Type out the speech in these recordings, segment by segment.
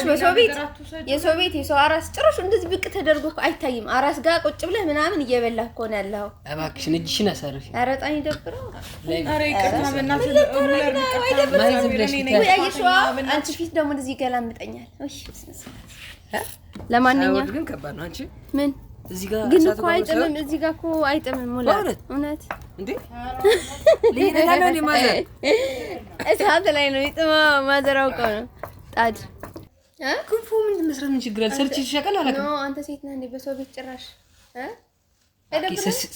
ጭራሽ በሰው ቤት የሰው ቤት የሰው አራስ ጭራሽ እንደዚህ ብቅ ተደርጎ አይታይም። አራስ ጋር ቁጭ ብለህ ምናምን እየበላህ እኮ ነው ያለው። እባክሽን እጅሽን አሳርፊ። ኧረ ጣን ይደብረው። አንቺ ፊት ደግሞ እንደዚህ ይገላምጠኛል። ለማንኛውም ግን ከባድ ነው። አንቺ ምን ግን እኮ አይጥምም። እዚህ ጋር እኮ አይጥምም። ሙላ እውነት እሳት ላይ ነው ይጥማ ማዘር አውቀው ነው ጣድ ክንፉ ምን መስራት ምን ችግር አለ? ሰርች ይሻቀል አላውቅም። አንተ ሴት ነህ እንዴ? በሰው ቤት ጭራሽ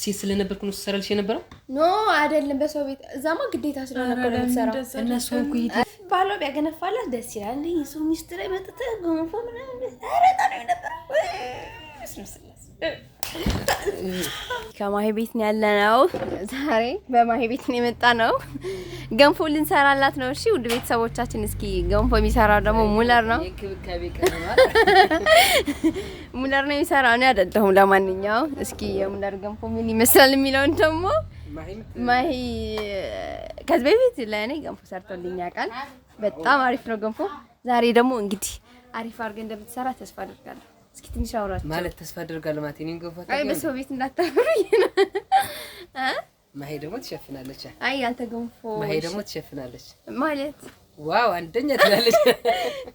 ሴት ስለነበርኩ ነው ሰራልሽ የነበረው? ኖ አይደለም። በሰው ቤት እዛማ ግዴታ ስለነበረ የምትሰራው ቢያገነፋላት ደስ ይላል። የሰው ሚስት ላይ መጥተህ ምናምን ከማሄ ቤት ነው ያለ ነው። ዛሬ በማሄ ቤት ነው የመጣ ነው። ገንፎ ልንሰራላት ነው። እሺ ውድ ቤተሰቦቻችን፣ እስኪ ገንፎ የሚሰራው ደግሞ ሙለር ነው። ሙለር ነው የሚሰራው፣ እኔ አይደለሁም። ለማንኛውም እስኪ የሙለር ገንፎ ምን ይመስላል የሚለውን ደግሞ ማሂ ከዚህ በፊት ለእኔ ገንፎ ሰርቶልኝ ያውቃል። በጣም አሪፍ ነው ገንፎ። ዛሬ ደግሞ እንግዲህ አሪፍ አድርገን እንደምትሰራ ተስፋ አድርጋለሁ። እስኪ ትንሽ አውራቸው ማለት ተስፋ አደርጋለሁ ማለት እኔን ገፋታ አይ በሰው ቤት እንዳታብሩኝ እ ማሄ ደግሞ ትሸፍናለች። አይ አንተ ገንፎ ማሄ ደግሞ ትሸፍናለች ማለት ዋው አንደኛ ትላለች።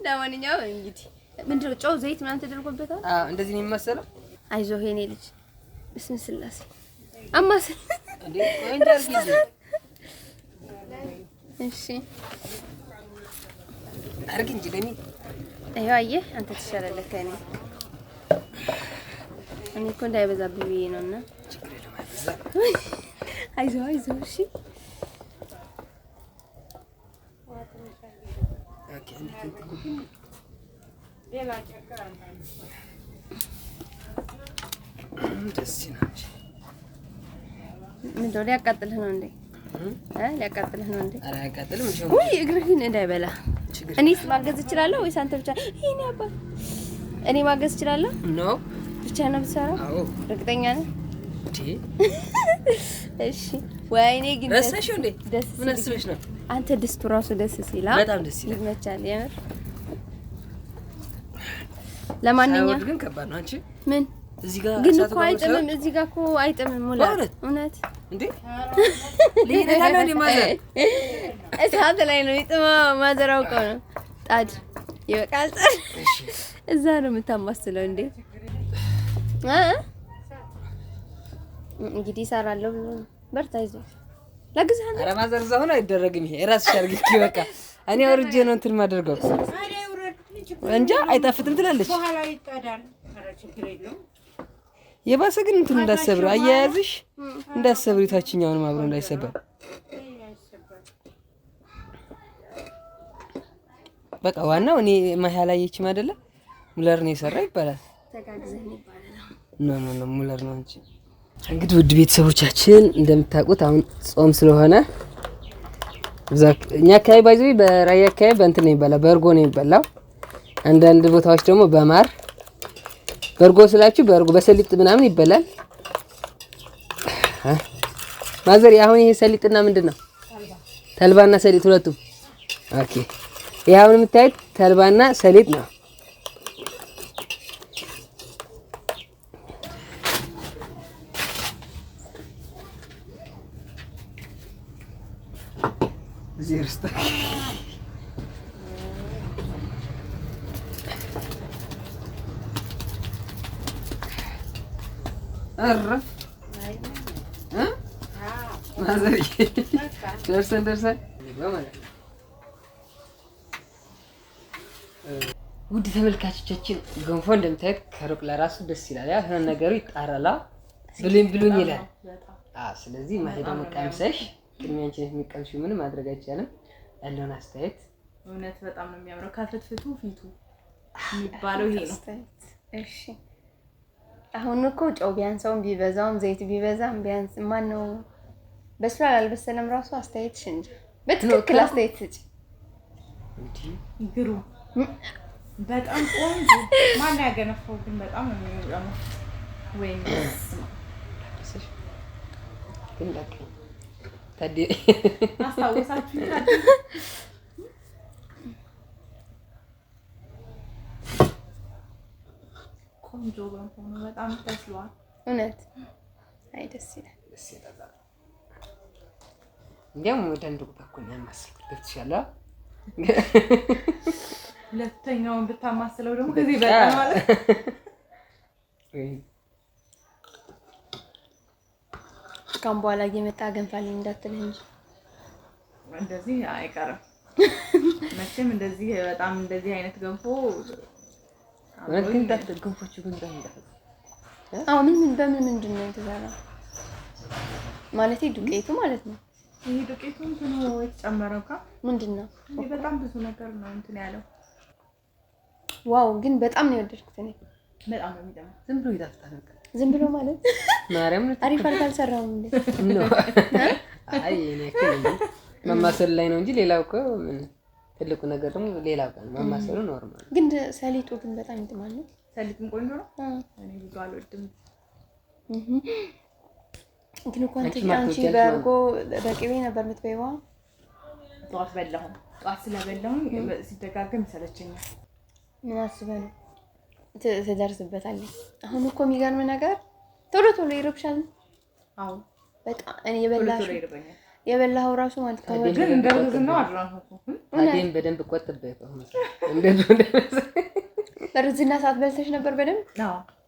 ለማንኛውም እንግዲህ ምንድነው ጨው፣ ዘይት ምናምን ተደርጎበታል። አዎ እንደዚህ ነው የሚመሰለው። አይዞህ የኔ ልጅ በስመ ስላሴ አማስ እንዴ ወይ እንዳርጊ እሺ አርግ እንጂ ለኔ አየህ አንተ ትሻላለህ ከእኔ እኔ እኮ እንዳይበዛብኝ ብዬ ነው። እና አይዞህ አይዞህ። እሺ ምንድነው ሊያቃጥልህ ነው እንዴ? ሊያቃጥልህ ነው እንዴ? እግርህ ግን እንዳይበላ እኔስ ማገዝ እችላለሁ ወይስ አንተ ብቻ? ይሄኔ አባት እኔ ማገዝ እችላለሁ? ኖ ብቻ ነው ብቻ ነው። አዎ። እርግጠኛ ነህ? እሺ። ወይኔ ግን ረሳሽው እንዴ? ደስ ምን አስበሽ ነው? አንተ ድስቱ ራሱ ደስ ሲላ በጣም ደስ ይላል። ይመቻል። የምር ለማንኛውም ግን ከባድ ነው። አንቺ ምን እዚህ ጋር ግን እኮ አይጥምም። እዚህ ጋር እኮ አይጥምም። ሙላ እውነት እንዴ ሊሄዳ ነው ማዘር እሳት ላይ ነው ይጥማ ማዘር አውቀው ነው ጣድ ይበቃል። እዛ ነው የምታማስለው እንዴ? እንግዲህ እሰራለሁ ብሎ በርታ፣ ይዞ ለግዛ ኧረ ማዘርዛሁን አይደረግም። ይሄ ራስሽ አድርጊ በቃ። እኔ አውርጄ ነው እንትን ማደርገው እንጃ አይጣፍጥም ትላለች። የባሰ ግን እንትን እንዳሰብር አያያዝሽ እንዳሰብር የታችኛውን አብሮ እንዳይሰበር በቃ ዋናው እኔ ማያ ላየችም አይደለም ሙለር ነው የሰራ ይባላል። ሙለር ነው እንጂ። እንግዲህ ውድ ቤተሰቦቻችን እንደምታውቁት አሁን ጾም ስለሆነ እኛ አካባቢ ባይዘ በራያ አካባቢ በእንትን ነው ይበላል፣ በእርጎ ነው የሚበላው። አንዳንድ ቦታዎች ደግሞ በማር በእርጎ ስላችሁ በእርጎ በሰሊጥ ምናምን ይበላል። ማዘር አሁን ይሄ ሰሊጥና ምንድን ነው ተልባና ሰሊጥ ሁለቱም ኦኬ። ይሄ አሁን የምታዩት ተልባና ሰሊጥ ነው። ደርሰን ደርሰን ውድ ተመልካቾቻችን ገንፎ እንደምታየት ከሩቅ ለራሱ ደስ ይላል። ያ ነገሩ ይጣራላ ብሉኝ ብሉኝ ይላል። ስለዚህ ማሄዳ መቃምሰሽ ቅድሚያ አንቺ ነሽ የሚቀምሺው። ምንም ማድረግ አይቻልም። ያለውን አስተያየት እውነት በጣም ነው የሚያምረው። ካፍትፍቱ ፊቱ የሚባለው ይሄ ነው። እሺ አሁን እኮ ጨው ቢያንሰውም ቢበዛውም ዘይት ቢበዛም ቢያንስ ማን ነው በስሏል አልበሰለም ራሱ አስተያየት ሽ እንጂ በትክክል አስተያየት ስጭ። ግሩ በጣም ቆንጆ። ማን ያገነፈው ግን በጣም ነው የሚያምረው። ወይኔ ግን በቃ አስታወሳችሁ። ቆንጆ በመሆኑ በጣም ተስሏል። እውነት አይ ደስ ይላል። እንዲያውም ወደ በኩል ነው ሁለተኛውን ብታማስለው ደግሞ ከዚህ በጣም ማለት ካሁን በኋላ እየመጣ ገንፋልኝ እንዳትልህ እንጂ እንደዚህ አይቀርም መቼም። እንደዚህ በጣም እንደዚህ አይነት ገንፎ ገንፎቹ ግን አሁን ምን በምን ምንድን ነው የተሰራው? ማለት ዱቄቱ ማለት ነው። ይሄ ዱቄቱ እንትኑ የተጨመረው ካ ምንድን ነው? በጣም ብዙ ነገር ነው እንትን ያለው። ዋው! ግን በጣም ነው የወደድኩት እኔ። በጣም ነው የሚጠማው። ዝም ብሎ ይጣፍጣል ነገር ዝም ብሎ ማለት ማርያም አሪፍ አድርጋ አልሰራሁም እንዴ? አይ እኔ ማማሰሉ ላይ ነው እንጂ ሌላው እኮ ትልቁ ነገር ደግሞ ሌላው ቀን ማማሰሉ ኖርማል። ግን ሰሊጡ ግን በጣም ይጥማል። ሰሊጡም ቆንጆ ነው። እኔ ብዙ አልወድም። ግን እኮ አንቺ አንቺ በርጎ በቅቤ ነበር የምትበይዋ። ጠዋት በላሁ። ጠዋት ስለበላሁኝ ሲደጋገም ይሰለቸኛል። ምን አስበህ ነው ትደርስበታለች። አሁን እኮ የሚገርም ነገር ቶሎ ቶሎ ይርብሻል። አዎ በጣም እኔ የበላሽው የበላኸው ራሱ ማለት ከወዲህ በደንብ ቆጥበት እንደ ሰዓት በልተሽ ነበር በደንብ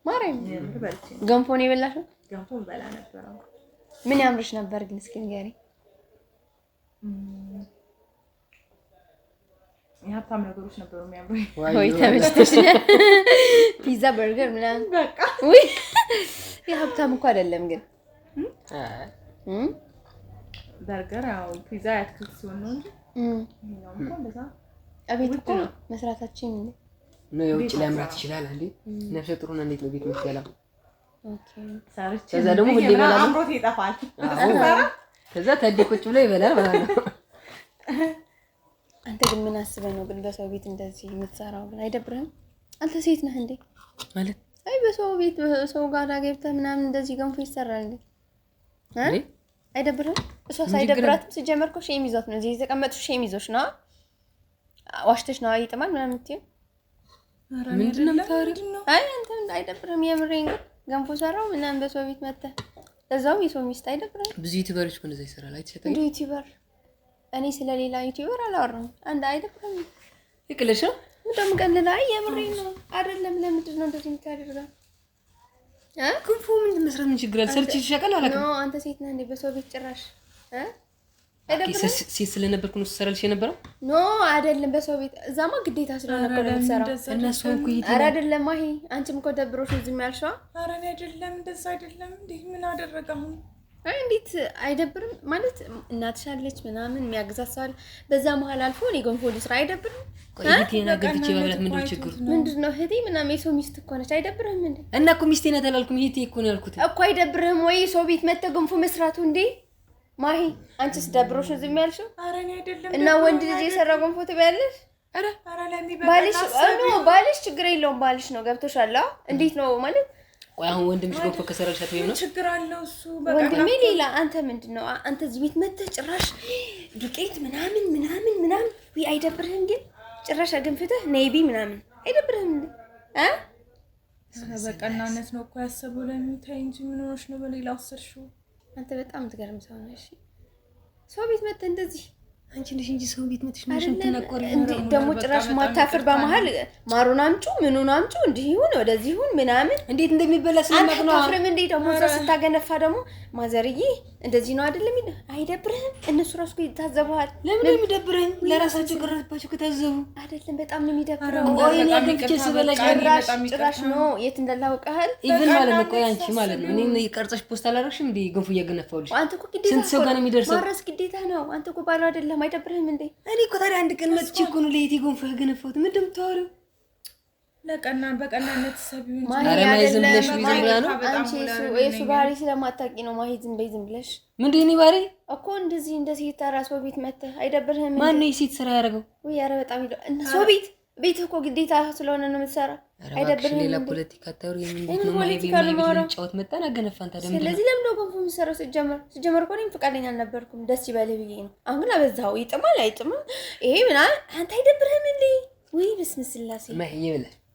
ማርያም ገንፎ ነው የበላሽው? ምን ያምርሽ ነበር ግን እስኪ ንገሪ የሀብታም ነገሮች ነበሩ የሚያምሩ። ወይ ተመችቶሻል? ፒዛ፣ በርገር ምናምን በቃ ወይ የሀብታም እኮ አይደለም ግን በርገር፣ ያው ፒዛ ያትክልት ሲሆን ነው እንጂ ቤት እኮ መስራታችን ነው። የውጭ ሊያምራት ይችላል። አንዴ ነፍሰ ጥሩ ነው። እንዴት ነው ቤት የምትበላው? ከዛ ደግሞ ሁሌ ይበላል፣ አምሮት ይጠፋል። ከዛ ተዴ ቁጭ ብሎ ይበላል ማለት ነው። አንተ ግን ምን አስበህ ነው ግን በሰው ቤት እንደዚህ የምትሰራው? ግን አይደብርህም? አንተ ሴት ነህ እንዴ? ማለት አይ በሰው ቤት ሰው ጋር ገብተህ ምናምን እንደዚህ ገንፎ ይሰራል እንዴ? አይደብርህም? እሷ ሳይደብራትም ስጀመርኮ እኮ ሼም ይዟት ነው እዚህ የተቀመጥሽው። ሼም ይዞሽ ነው ዋሽተሽ ነው አይጥማል ምናምን የምትይው ምንድን አይ አንተ አይደብርህም? የምሬን ግን ገንፎ ሰራው ምናምን በሰው ቤት መተህ እዛው የሰው ሚስት አይደብርህም? ብዙ ዩቲበሮች እኮ እንደዛ ይሰራል አይተሽ ዩቲበር እኔ ስለ ሌላ ዩቲዩበር አላወራም። አንድ አይደለም ይቅልሽ ነው ምንም ቀልላ የምሬ ነው አይደለም። ለምንድን ነው እንደዚህ የምታደርገው? ክንፉ ምን መስራት ምን ችግር አለ? ሰርች ይሻቀል አላውቅም። ኖ አንተ ሴት ነህ እንዴ? በሰው ቤት ጭራሽ እ ሴት ስለነበርኩ ነው ትሰራልሽ የነበረው? ኖ አይደለም። በሰው ቤት እዛማ ግዴታ ስለሆነ እኮ ነው የምትሰራው። እነሱ እኮ ይሄ ኧረ አይደለም። አንቺም እኮ ደብሮሽ እዚህ ያልሽዋ። ኧረ አይደለም፣ እንደዛ አይደለም። እንዴ ምን አደረገ አሁን? እንዴት አይደብርም? ማለት እናትሽ አለች ምናምን የሚያግዛት በዛ መሀል አልፎ እኔ ገንፎ ልስራ አይደብርም? ምንድን ነው ችግሩ? እህቴ ምናምን የሰው ሚስት እኮ ነች። አይደብርህም እንዴ? እና እኮ ሚስቴ ናት አላልኩም እህቴ እኮ ነው ያልኩት እኮ። አይደብርህም ወይ ሰው ቤት መጥተህ ገንፎ መስራቱ? እንዴ ማሂ፣ አንቺስ ደብሮሽ ነው ዝም ያልሽው? እና ወንድ ልጅ የሰራ ገንፎ ትበያለሽ? ባልሽ ባልሽ ችግር የለውም ባልሽ ነው ገብቶሻል። እንዴት ነው ማለት ቆይ አሁን ወንድምሽ ጎኮ ከሰራልሽ አትበይም ነው ችግር አለው እሱ። በቃ ወንድሜ ሌላ አንተ ምንድን ነው አንተ እዚህ ቤት መተህ ጭራሽ ዱቄት ምናምን ምናምን ምናምን ወይ አይደብርህም? ግን ጭራሽ አገንፍተህ ነይቢ ምናምን አይደብርህም እንዴ? አ በቀናነት ነው እኮ ያሰበው ለሚታይ እንጂ ምን ሆነሽ ነው በሌላ አሰርሽው? አንተ በጣም ትገርም ሰው ነሽ። ሰው ቤት መተህ እንደዚህ አንቺ ልጅ እንጂ ሰው ቤት መጥሽ ነው እንዴ? ደግሞ ጭራሽ ማታፍር በመሀል ማሩን አምጩ ምኑን አምጩ እንዲህ ይሁን ወደዚህ ይሁን ምናምን እንዴት እንደሚበላ ስለማቅ ነው። አፍርም እንዴ ደግሞ እዛ ስታገነፋ ደግሞ ማዘርዬ እንደዚህ ነው አይደለም? አይደብርህም? እነሱ ራሱ ይታዘበዋል። ለምን የሚደብርህም? ለራሳቸው ቅረባቸው ከታዘቡ አይደለም? በጣም ነው የሚደብረው። ጭራሽ ነው የት እንዳላወቀህል ኢቨን ማለት ነው። ቆይ አንቺ ማለት ነው እኔ ቀርጸሽ ፖስት አላደረግሽም እንዴ? ገንፎ እያገነፋሁልሽ አንተ እኮ ግዴታ ስንት ሰው ጋር ነው የሚደርሰው? ማድረስ ግዴታ ነው። አንተ እኮ ባለው አይደለም? አይደብርህም እንዴ? እኔ እኮ ታዲያ አንድ ቀን መጥቼ እኮ ነው ለየት ገንፎ ያገነፋሁት። ምንድን ነው የምታወሪው? ለቀና በቀናነት ሰቢሱ ባህሪ ስለማታውቂ ነው። ማሂ ዝም በይ ዝም ብለሽ ምንድን ባህሪ እኮ እንደዚህ እንደዚህ ሴት ተራ ሰው ቤት መተህ አይደብርህም? ማነው የሴት ስራ ያደርገው? ወይ ኧረ በጣም ሰው ቤት ቤት እኮ ግዴታ ስለሆነ ነው የምትሰራ። አይደብርህም? ሌላ ፖለቲካ ተሩ ፖለቲካ ጫወት መጣን አገነፋን። ታዲያ ስለዚህ ለምደ ጎንፎ በንኩ የምትሰራው? ስጀመር ስጀመር እኮ እኔም ፈቃደኛ አልነበርኩም። ደስ ይበልህ ብዬ ነው። አሁን ግን አበዛኸው። ይጥማል አይጥምም ይሄ ምናምን። አንተ አይደብርህም እንዴ? ወይ በስመ አብ ስላሴ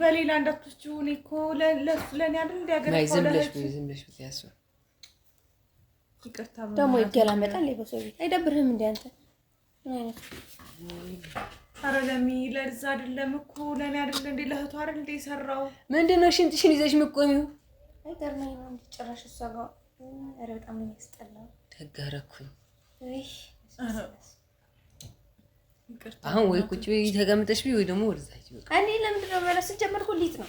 በሌላ እንዳትች እኔ እኮ ለእኔ አይደል ብትያስ ደግሞ ይገላመጣል። በሰው ቤት አይደብርህም? እንደ አንተ ለሚ ለዛ አይደለም እኮ ለእኔ አይደለ እንዴ ለእህቱ አይደል እንዴ የሰራው ምንድን ነው? ሽንጥሽን ይዘሽ የምትቆሚው አይገርመኝ ነው እንዴ ጭራሽ እሷ ጋር ኧረ በጣም ነው የሚያስጠላው። አሁን ወይ ቁጭ ወይ ተቀምጠሽ ወይ ደግሞ ወደዛች በቃ እኔ ለምንድን ነው መለስ ጀመርኩ። እንዴት ነው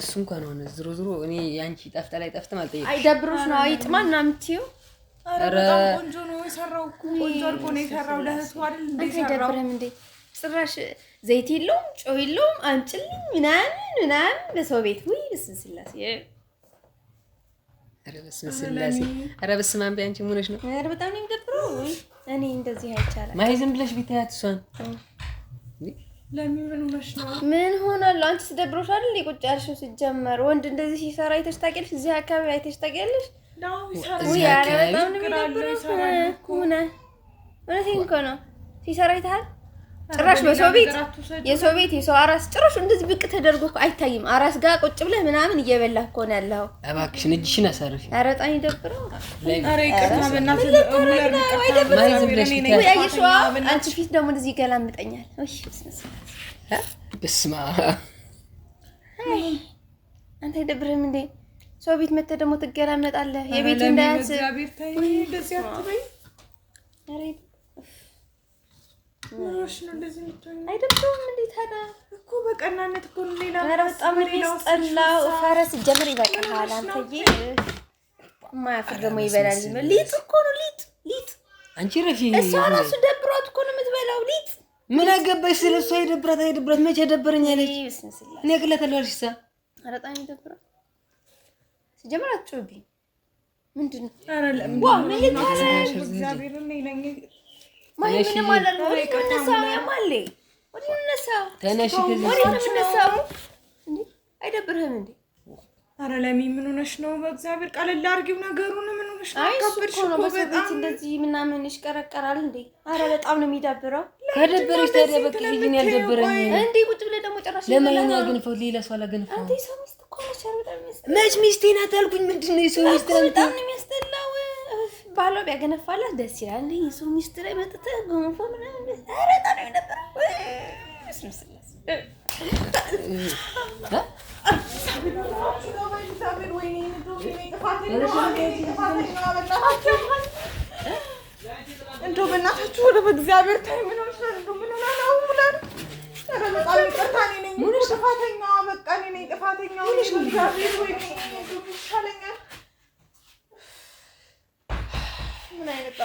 እሱ እንኳን ሆነ ዝሮ ዝሮ እኔ ያንቺ ጠፍታ ላይ ጠፍትም አልጠየቅሽም። አይደብሮሽ ነው አይጥማ እና የምትይው ኧረ ቆንጆ ነው የሰራው እኮ ቆንጆ አድርጎ ነው የሰራው። ለእህቱ አይደል እንደ ሰራው አይደብርም እንዴ ጭራሽ ዘይት የለውም ጨው የለውም። አምጪልኝ ምናምን ምናምን በሰው ቤት ውይ በስመ ስላሴ ኧረ በስመ ስላሴ ኧረ በስመ አብ አንቺ ምን ሆነሽ ነው? ኧረ በጣም ነው የሚደብረው። እኔ እንደዚህ አይቻልም። ማይ ዝም ብለሽ ቢታያት እሷን ምን ሆናለሁ? አንቺ ስደብሮሽ አይደል ቁጭ ያልሽው? ሲጀመር ወንድ እንደዚህ ሲሰራ አይተሽ ታውቂያለሽ? እዚህ አካባቢ አይተሽ ታውቂያለሽ? ኧረ በጣም ነው የሚደብረው። እውነቴን እኮ ነው ሲሰራ ይተሃል ጭራሽ በሰው ቤት የሰው ቤት የሰው አራስ ጭራሽ እንደዚህ ብቅ ተደርጎ እኮ አይታይም። አራስ ጋር ቁጭ ብለህ ምናምን እየበላህ ከሆነ ያለው እባክሽን፣ እጅሽን አሳርፊ። ኧረ ጣን ይደብረው። ኧረ ይቅርታ በእናትህ አንቺ ፊት ደግሞ እንደዚህ ይገላምጠኛል። በስመ አብ አንተ አይደብርህም እንዴ? ሰው ቤት መተህ ደግሞ ትገላመጣለህ። የቤት እንዳያንስ ኑሮሽ ነው እንደዚህ የምትሆኝ አይደለም እንዴ? ታዲያ እኮ በቀናነት እኮ ነው። ሌላ ኧረ በጣም ነው ኧረ ስትጀምር ይበቃሃል አንተዬ። የማያፍር ደግሞ ይበላል። ሊጥ እኮ ነው ሊጥ ሊጥ። አንቺ ረፊ እሷ እራሱ ደብሯት እኮ ነው የምትበላው ሊጥ። ምን አገባሽ ስለ እሷ የደብራት አይደብራት፣ መቼ ደበረኝ አለች። እኔ እቅላታለሁ አልሽ። እሷ ኧረ በጣም ይደብራት። ስትጀምር አትጮብኝ ምንድን ነው አይደብርህም እንዴ? አረ ለሚ ምን ሆነሽ ነው? በእግዚአብሔር ቀለል አድርጊው ነገሩን። ምን ሆነሽ ነው? አካብርሽ እኮ በጣም እንደዚህ ምናምን ይሽቀረቀራል እንዴ? አረ በጣም ነው የሚዳብረው። ከደበረሽ ታዲያ በቃ ልጅን ያልደበረኝ እንዴ? ቁጭ ብለህ ደግሞ ጨራሽ ለማይና ግንፈው ሌላ ሰው አላገንፈው እንዴ? ሰው ሚስት እኮ ነች። አረ በጣም ሚስት መች ሚስቴ ናት አልኩኝ። ምንድን ነው የሰው ሚስት በጣም ነው የሚያስጠላ ባሏ ቢያገነፋላት ደስ ይላል። እንደ የሰው ሚስት ላይ መጥተህ ገንፎ ምናምን ረጣ ነው ነበር እንደው በእናታችሁ ወደ በእግዚአብሔር ታይ ምን ሆነሻል? ምን ሆናለው? ሙላር ጥፋተኛ በቃ እኔ ነኝ ጥፋተኛ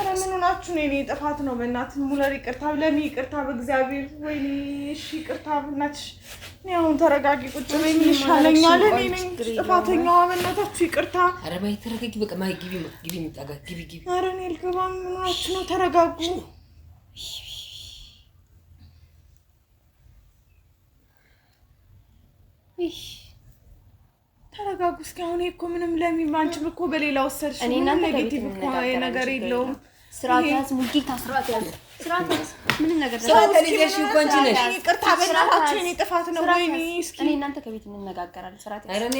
ኧረ ምን ሆናችሁ ነው? የእኔ ጥፋት ነው። በእናትህ ሙለር ይቅርታ፣ ለሚ ይቅርታ፣ በእግዚአብሔር ወይኔ። እሺ ይቅርታ፣ በእናትሽ እኔ አሁን ተረጋጊ፣ ቁጭ በይ። ምን ይሻለኛል? እኔ ነኝ ጥፋተኛዋ፣ በእናታችሁ ይቅርታ። ኧረ ማይ ተረጋጊ፣ በቃ ማይ ግቢ፣ ግቢ፣ የሚጠጋ ግቢ፣ ግቢ። ኧረ እኔ አልገባም። ምን ሆናችሁ ነው? ተረጋጉ። ይህ ተረጋጉ እስኪ። አሁን እኮ ምንም ለሚም አንቺም እኮ በሌላ ወሰድሽ። ምንም ኔጌቲቭ እኮ ነገር የለውም። እኔ ጥፋት ነው። ወይኔ እናንተ ከቤት እንነጋገራለን። ስርዓት ያዝ። እናንተ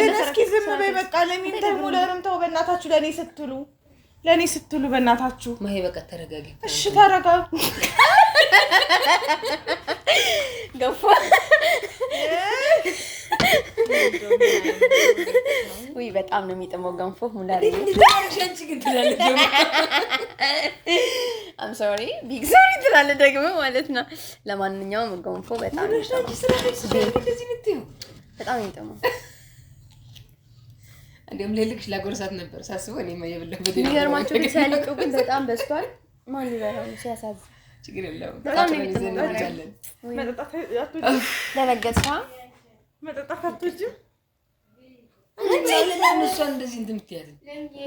ግን እስኪ ዝም በይ በቃ። ለሚም ደግሞ ለእርም ተው በእናታችሁ፣ ለእኔ ስትሉ ለእኔ ስትሉ በእናታችሁ። ማሄ በቃ ተረጋጊ እሺ፣ ተረጋጉ ገፋ ውይ በጣም ነው የሚጥመው ገንፎ ሙላሪ አም ሶሪ ቢግ ሶሪ ትላለ ደግሞ ማለት ነው። ለማንኛውም ገንፎ በጣም በጣም የሚጥመው እንዲሁም ልልክሽ ላጎርሳት ነበር ሳስበው እኔ የበላበት የሚገርማቸው ሊጡ ግን በጣም በስቷል። ማን ይበላው ሲያሳዝን ችግር የለውም። ለነገሳ መጠጣት አትወጂም እንደዚህ እንትን የምትያለኝ